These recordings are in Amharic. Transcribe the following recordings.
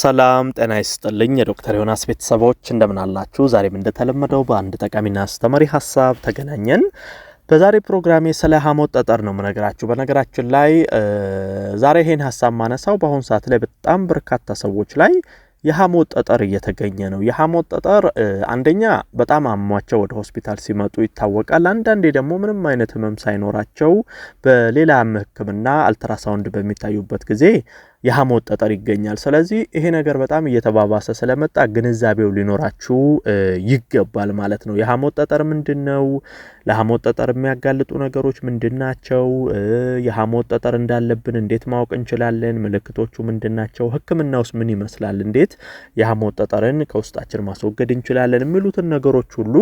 ሰላም ጤና ይስጥልኝ የዶክተር ዮናስ ቤተሰቦች እንደምናላችሁ። ዛሬም እንደተለመደው በአንድ ጠቃሚና አስተማሪ ሀሳብ ተገናኘን። በዛሬ ፕሮግራሜ ስለ ሀሞት ጠጠር ነው የምነግራችሁ። በነገራችን ላይ ዛሬ ይሄን ሀሳብ ማነሳው በአሁኑ ሰዓት ላይ በጣም በርካታ ሰዎች ላይ የሀሞት ጠጠር እየተገኘ ነው። የሀሞት ጠጠር አንደኛ በጣም አሟቸው ወደ ሆስፒታል ሲመጡ ይታወቃል። አንዳንዴ ደግሞ ምንም አይነት ህመም ሳይኖራቸው በሌላ ህክምና አልትራሳውንድ በሚታዩበት ጊዜ የሐሞት ጠጠር ይገኛል። ስለዚህ ይሄ ነገር በጣም እየተባባሰ ስለመጣ ግንዛቤው ሊኖራችሁ ይገባል ማለት ነው። የሐሞት ጠጠር ምንድን ነው? ለሐሞት ጠጠር የሚያጋልጡ ነገሮች ምንድን ናቸው? የሐሞት ጠጠር እንዳለብን እንዴት ማወቅ እንችላለን? ምልክቶቹ ምንድን ናቸው? ሕክምናውስ ምን ይመስላል? እንዴት የሐሞት ጠጠርን ከውስጣችን ማስወገድ እንችላለን? የሚሉትን ነገሮች ሁሉ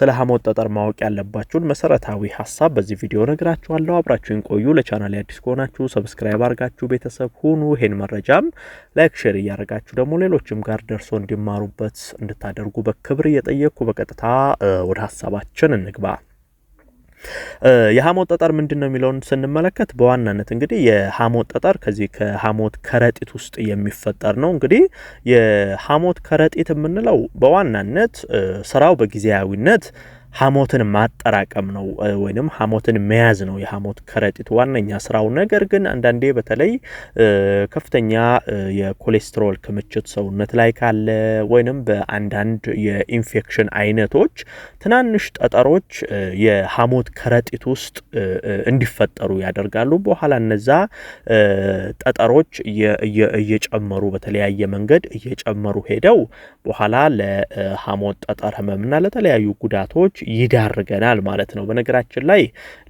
ስለ ሐሞት ጠጠር ማወቅ ያለባችሁን መሰረታዊ ሀሳብ በዚህ ቪዲዮ ነግራችኋለሁ። አብራችሁን ቆዩ። ለቻናል አዲስ ከሆናችሁ ሰብስክራይብ አድርጋችሁ ቤተሰብ ሁኑ። ይሄን መረጃም ላይክ፣ ሼር እያደረጋችሁ ደግሞ ሌሎችም ጋር ደርሶ እንዲማሩበት እንድታደርጉ በክብር እየጠየቅኩ በቀጥታ ወደ ሀሳባችን እንግባ። የሐሞት ጠጠር ምንድን ነው የሚለውን ስንመለከት በዋናነት እንግዲህ የሐሞት ጠጠር ከዚህ ከሐሞት ከረጢት ውስጥ የሚፈጠር ነው። እንግዲህ የሐሞት ከረጢት የምንለው በዋናነት ስራው በጊዜያዊነት ሐሞትን ማጠራቀም ነው ወይም ሐሞትን መያዝ ነው የሐሞት ከረጢት ዋነኛ ስራው። ነገር ግን አንዳንዴ በተለይ ከፍተኛ የኮሌስትሮል ክምችት ሰውነት ላይ ካለ ወይንም በአንዳንድ የኢንፌክሽን አይነቶች ትናንሽ ጠጠሮች የሐሞት ከረጢት ውስጥ እንዲፈጠሩ ያደርጋሉ። በኋላ እነዛ ጠጠሮች እየጨመሩ በተለያየ መንገድ እየጨመሩ ሄደው በኋላ ለሐሞት ጠጠር ህመምና ለተለያዩ ጉዳቶች ይዳርገናል ማለት ነው። በነገራችን ላይ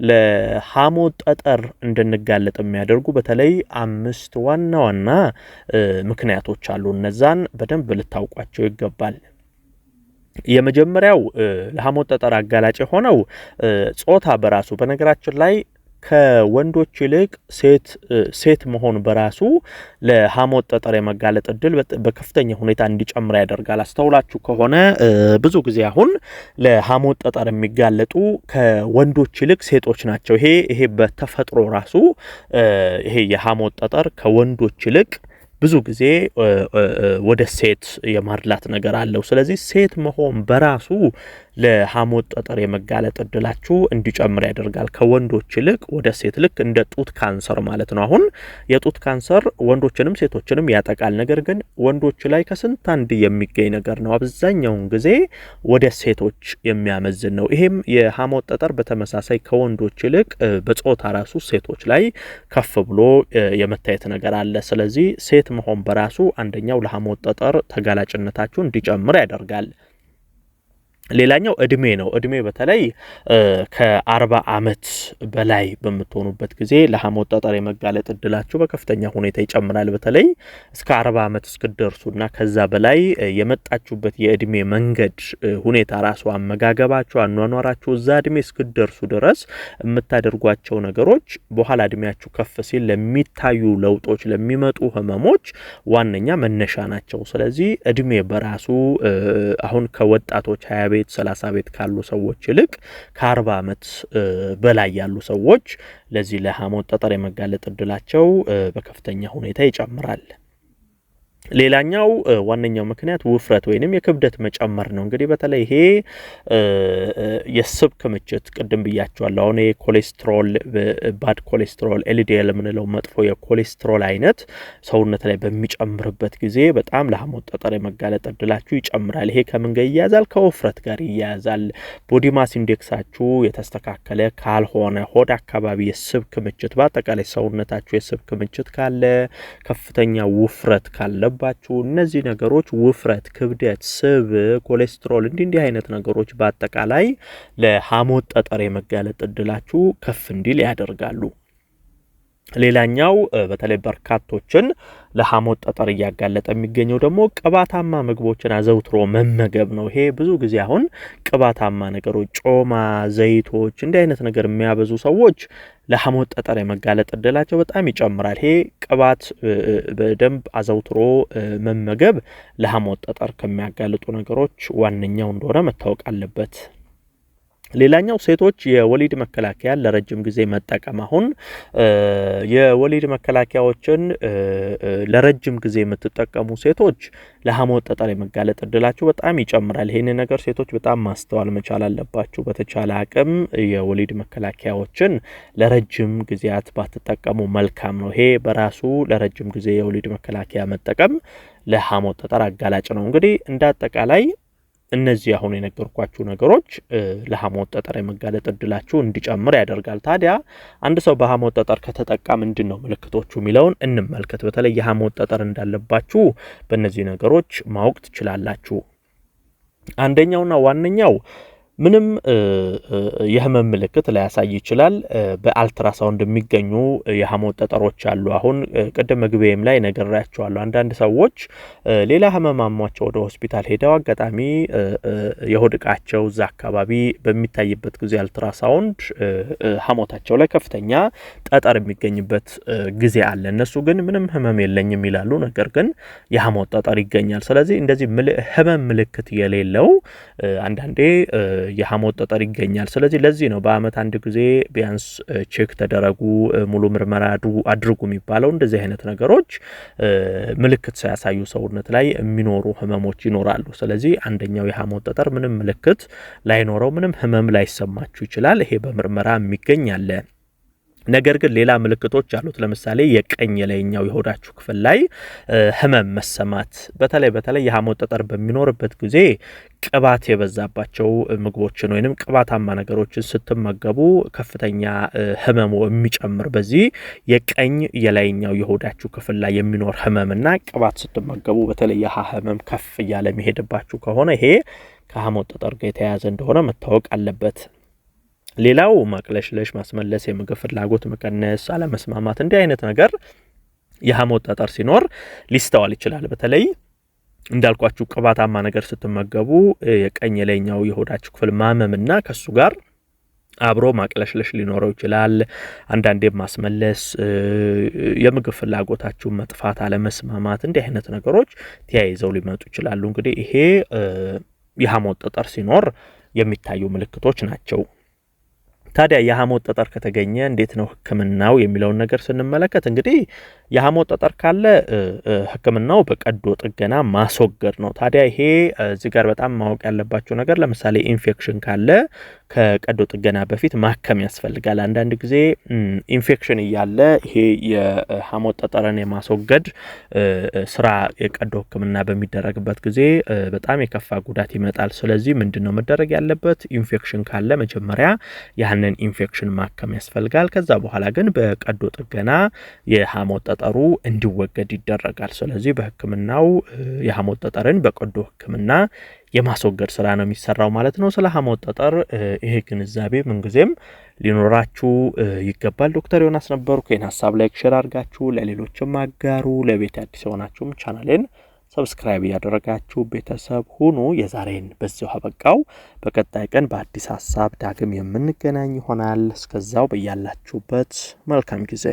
ለሐሞት ጠጠር እንድንጋለጥ የሚያደርጉ በተለይ አምስት ዋና ዋና ምክንያቶች አሉ። እነዛን በደንብ ልታውቋቸው ይገባል። የመጀመሪያው ለሐሞት ጠጠር አጋላጭ የሆነው ጾታ በራሱ በነገራችን ላይ ከወንዶች ይልቅ ሴት ሴት መሆን በራሱ ለሐሞት ጠጠር የመጋለጥ እድል በከፍተኛ ሁኔታ እንዲጨምር ያደርጋል። አስተውላችሁ ከሆነ ብዙ ጊዜ አሁን ለሐሞት ጠጠር የሚጋለጡ ከወንዶች ይልቅ ሴቶች ናቸው። ይሄ ይሄ በተፈጥሮ ራሱ ይሄ የሐሞት ጠጠር ከወንዶች ይልቅ ብዙ ጊዜ ወደ ሴት የማድላት ነገር አለው። ስለዚህ ሴት መሆን በራሱ ለሐሞት ጠጠር የመጋለጥ እድላችሁ እንዲጨምር ያደርጋል። ከወንዶች ይልቅ ወደ ሴት ልክ እንደ ጡት ካንሰር ማለት ነው። አሁን የጡት ካንሰር ወንዶችንም ሴቶችንም ያጠቃል። ነገር ግን ወንዶች ላይ ከስንት አንድ የሚገኝ ነገር ነው። አብዛኛውን ጊዜ ወደ ሴቶች የሚያመዝን ነው። ይሄም የሐሞት ጠጠር በተመሳሳይ ከወንዶች ይልቅ በጾታ ራሱ ሴቶች ላይ ከፍ ብሎ የመታየት ነገር አለ። ስለዚህ ሴት መሆን በራሱ አንደኛው ለሐሞት ጠጠር ተጋላጭነታችሁ እንዲጨምር ያደርጋል። ሌላኛው እድሜ ነው። እድሜ በተለይ ከአርባ ዓመት በላይ በምትሆኑበት ጊዜ ለሐሞት ወጣጠር የመጋለጥ እድላችሁ በከፍተኛ ሁኔታ ይጨምራል። በተለይ እስከ አርባ ዓመት እና ከዛ በላይ የመጣችሁበት የእድሜ መንገድ ሁኔታ ራሱ አመጋገባችሁ፣ አኗኗራችሁ እዛ እድሜ እስክደርሱ ድረስ የምታደርጓቸው ነገሮች በኋላ እድሜያችሁ ከፍ ሲል ለሚታዩ ለውጦች፣ ለሚመጡ ህመሞች ዋነኛ መነሻ ናቸው። ስለዚህ እድሜ በራሱ አሁን ከወጣቶች ሀያ ቤት ቤት 30 ቤት ካሉ ሰዎች ይልቅ ከ40 ዓመት በላይ ያሉ ሰዎች ለዚህ ለሃሞት ጠጠር የመጋለጥ እድላቸው በከፍተኛ ሁኔታ ይጨምራል። ሌላኛው ዋነኛው ምክንያት ውፍረት ወይንም የክብደት መጨመር ነው። እንግዲህ በተለይ ይሄ የስብ ክምችት ቅድም ብያቸዋለሁ። አሁን የኮሌስትሮል ባድ ኮሌስትሮል ኤልዲኤል የምንለው መጥፎ የኮሌስትሮል አይነት ሰውነት ላይ በሚጨምርበት ጊዜ በጣም ለሐሞት ጠጠር የመጋለጥ እድላችሁ ይጨምራል። ይሄ ከምን ጋር ይያያዛል? ከውፍረት ጋር ይያያዛል። ቦዲማስ ኢንዴክሳችሁ የተስተካከለ ካልሆነ ሆድ አካባቢ የስብ ክምችት፣ በአጠቃላይ ሰውነታችሁ የስብ ክምችት ካለ ከፍተኛ ውፍረት ካለ ካለባችሁ እነዚህ ነገሮች ውፍረት፣ ክብደት፣ ስብ፣ ኮሌስትሮል እንዲህ እንዲህ አይነት ነገሮች በአጠቃላይ ለሐሞት ጠጠር የመጋለጥ እድላችሁ ከፍ እንዲል ያደርጋሉ። ሌላኛው በተለይ በርካቶችን ለሐሞት ጠጠር እያጋለጠ የሚገኘው ደግሞ ቅባታማ ምግቦችን አዘውትሮ መመገብ ነው። ይሄ ብዙ ጊዜ አሁን ቅባታማ ነገሮች፣ ጮማ፣ ዘይቶች እንዲህ አይነት ነገር የሚያበዙ ሰዎች ለሐሞት ጠጠር የመጋለጥ እድላቸው በጣም ይጨምራል። ይሄ ቅባት በደንብ አዘውትሮ መመገብ ለሐሞት ጠጠር ከሚያጋልጡ ነገሮች ዋነኛው እንደሆነ መታወቅ አለበት። ሌላኛው ሴቶች የወሊድ መከላከያ ለረጅም ጊዜ መጠቀም። አሁን የወሊድ መከላከያዎችን ለረጅም ጊዜ የምትጠቀሙ ሴቶች ለሐሞት ጠጠር የመጋለጥ እድላችሁ በጣም ይጨምራል። ይህን ነገር ሴቶች በጣም ማስተዋል መቻል አለባችሁ። በተቻለ አቅም የወሊድ መከላከያዎችን ለረጅም ጊዜያት ባትጠቀሙ መልካም ነው። ይሄ በራሱ ለረጅም ጊዜ የወሊድ መከላከያ መጠቀም ለሐሞት ጠጠር አጋላጭ ነው። እንግዲህ እንደ አጠቃላይ እነዚህ አሁን የነገርኳችሁ ነገሮች ለሐሞት ጠጠር የመጋለጥ እድላችሁ እንዲጨምር ያደርጋል። ታዲያ አንድ ሰው በሐሞት ጠጠር ከተጠቃ ምንድን ነው ምልክቶቹ የሚለውን እንመልከት። በተለይ የሐሞት ጠጠር እንዳለባችሁ በእነዚህ ነገሮች ማወቅ ትችላላችሁ። አንደኛውና ዋነኛው ምንም የህመም ምልክት ላያሳይ ይችላል። በአልትራሳውንድ የሚገኙ የሐሞት ጠጠሮች አሉ። አሁን ቅድም ምግቤም ላይ ነግሬያቸዋለሁ። አንዳንድ ሰዎች ሌላ ህመም አሟቸው ወደ ሆስፒታል ሄደው አጋጣሚ የሆድ ዕቃቸው እዛ አካባቢ በሚታይበት ጊዜ አልትራሳውንድ ሐሞታቸው ላይ ከፍተኛ ጠጠር የሚገኝበት ጊዜ አለ። እነሱ ግን ምንም ህመም የለኝም ይላሉ። ነገር ግን የሐሞት ጠጠር ይገኛል። ስለዚህ እንደዚህ ህመም ምልክት የሌለው አንዳንዴ የሐሞት ጠጠር ይገኛል። ስለዚህ ለዚህ ነው በአመት አንድ ጊዜ ቢያንስ ቼክ ተደረጉ፣ ሙሉ ምርመራ አድርጉ የሚባለው። እንደዚህ አይነት ነገሮች ምልክት ሳያሳዩ ሰውነት ላይ የሚኖሩ ህመሞች ይኖራሉ። ስለዚህ አንደኛው የሐሞት ጠጠር ምንም ምልክት ላይኖረው፣ ምንም ህመም ላይሰማችሁ ይችላል። ይሄ በምርመራ የሚገኝ አለ። ነገር ግን ሌላ ምልክቶች አሉት። ለምሳሌ የቀኝ የላይኛው የሆዳችሁ ክፍል ላይ ህመም መሰማት፣ በተለይ በተለይ የሐሞት ጠጠር በሚኖርበት ጊዜ ቅባት የበዛባቸው ምግቦችን ወይንም ቅባታማ ነገሮችን ስትመገቡ ከፍተኛ ህመሙ የሚጨምር በዚህ የቀኝ የላይኛው የሆዳችሁ ክፍል ላይ የሚኖር ህመምና ቅባት ስትመገቡ በተለይ የሀ ህመም ከፍ እያለ የሚሄድባችሁ ከሆነ ይሄ ከሐሞት ጠጠር ጋር የተያያዘ እንደሆነ መታወቅ አለበት። ሌላው ማቅለሽለሽ፣ ማስመለስ፣ የምግብ ፍላጎት መቀነስ፣ አለመስማማት እንዲህ አይነት ነገር የሐሞት ጠጠር ሲኖር ሊስተዋል ይችላል። በተለይ እንዳልኳችሁ ቅባታማ ነገር ስትመገቡ የቀኝ የላይኛው የሆዳችሁ ክፍል ማመምና ከሱ ጋር አብሮ ማቅለሽለሽ ሊኖረው ይችላል። አንዳንዴም ማስመለስ፣ የምግብ ፍላጎታችሁን መጥፋት፣ አለመስማማት እንዲህ አይነት ነገሮች ተያይዘው ሊመጡ ይችላሉ። እንግዲህ ይሄ የሐሞት ጠጠር ሲኖር የሚታዩ ምልክቶች ናቸው። ታዲያ የሐሞት ጠጠር ከተገኘ እንዴት ነው ህክምናው የሚለውን ነገር ስንመለከት እንግዲህ የሐሞት ጠጠር ካለ ህክምናው በቀዶ ጥገና ማስወገድ ነው። ታዲያ ይሄ እዚህ ጋር በጣም ማወቅ ያለባቸው ነገር ለምሳሌ ኢንፌክሽን ካለ ከቀዶ ጥገና በፊት ማከም ያስፈልጋል። አንዳንድ ጊዜ ኢንፌክሽን እያለ ይሄ የሐሞት ጠጠርን የማስወገድ ስራ የቀዶ ህክምና በሚደረግበት ጊዜ በጣም የከፋ ጉዳት ይመጣል። ስለዚህ ምንድን ነው መደረግ ያለበት? ኢንፌክሽን ካለ መጀመሪያ ያን ያንን ኢንፌክሽን ማከም ያስፈልጋል። ከዛ በኋላ ግን በቀዶ ጥገና የሐሞት ጠጠሩ እንዲወገድ ይደረጋል። ስለዚህ በህክምናው የሐሞት ጠጠርን በቀዶ ህክምና የማስወገድ ስራ ነው የሚሰራው ማለት ነው። ስለ ሐሞት ጠጠር ይሄ ግንዛቤ ምንጊዜም ሊኖራችሁ ይገባል። ዶክተር ዮናስ ነበርኩ። ይህን ሀሳብ ላይክ፣ ሼር አድርጋችሁ ለሌሎችም አጋሩ። ለቤት አዲስ የሆናችሁም ቻናሌን ሰብስክራይብ እያደረጋችሁ ቤተሰብ ሁኑ። የዛሬን በዚሁ አበቃው። በቀጣይ ቀን በአዲስ ሀሳብ ዳግም የምንገናኝ ይሆናል። እስከዛው በያላችሁበት መልካም ጊዜ